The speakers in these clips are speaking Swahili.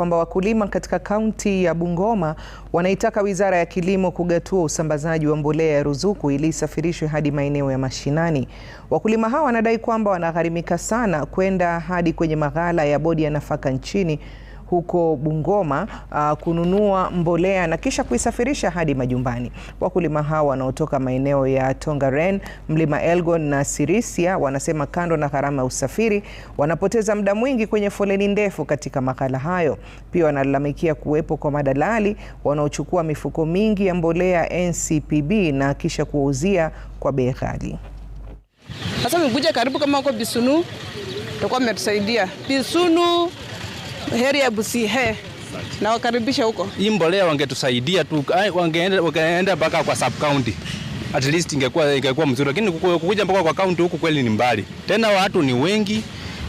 kwamba wakulima katika kaunti ya Bungoma wanaitaka Wizara ya Kilimo kugatua usambazaji wa mbolea ya ruzuku ili isafirishwe hadi maeneo ya mashinani. Wakulima hawa wanadai kwamba wanagharimika sana kwenda hadi kwenye maghala ya Bodi ya Nafaka nchini huko Bungoma uh, kununua mbolea na kisha kuisafirisha hadi majumbani. Wakulima hao wanaotoka maeneo ya Tongaren, Mlima Elgon na Sirisia wanasema kando na gharama ya usafiri, wanapoteza muda mwingi kwenye foleni ndefu katika makala hayo. Pia wanalalamikia kuwepo kwa madalali wanaochukua mifuko mingi ya mbolea NCPB na kisha kuwauzia kwa bei ghali. Sasa mkuja karibu kama uko Bisunu, utakuwa mmetusaidia Bisunu heri ya he na wakaribisha huko. Hii mbolea wangetusaidia tu, wangeenda mpaka kwa sub county, at least ingekuwa ingekuwa mzuri, lakini kukuja mpaka kwa county huku kweli ni mbali, tena watu ni wengi.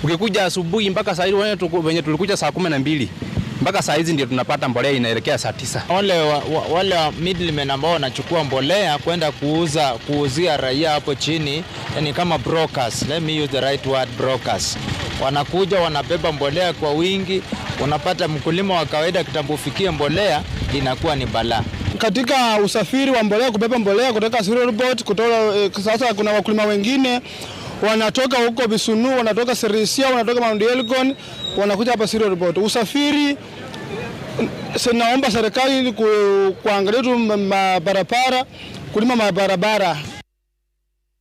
Ukikuja asubuhi mpaka saa hizi wenye tulikuja saa kumi na mbili mpaka saa hizi ndio tunapata mbolea inaelekea saa tisa. Wale wa, wa, wale middlemen ambao wanachukua mbolea kwenda kuuza kuuzia raia hapo chini yani kama brokers, let me use the right word brokers. Wanakuja wanabeba mbolea kwa wingi, unapata mkulima wa kawaida kitambo ufikie mbolea inakuwa ni balaa katika usafiri wa mbolea, kubeba mbolea kutoka Silolbot kutoka. Eh, sasa kuna wakulima wengine wanatoka huko Bisunu, wanatoka Serisia, wanatoka Mount Elgon, wanakuja hapa Silolbot. Usafiri, sinaomba serikali kuangalia tu barabara, kulima mabarabara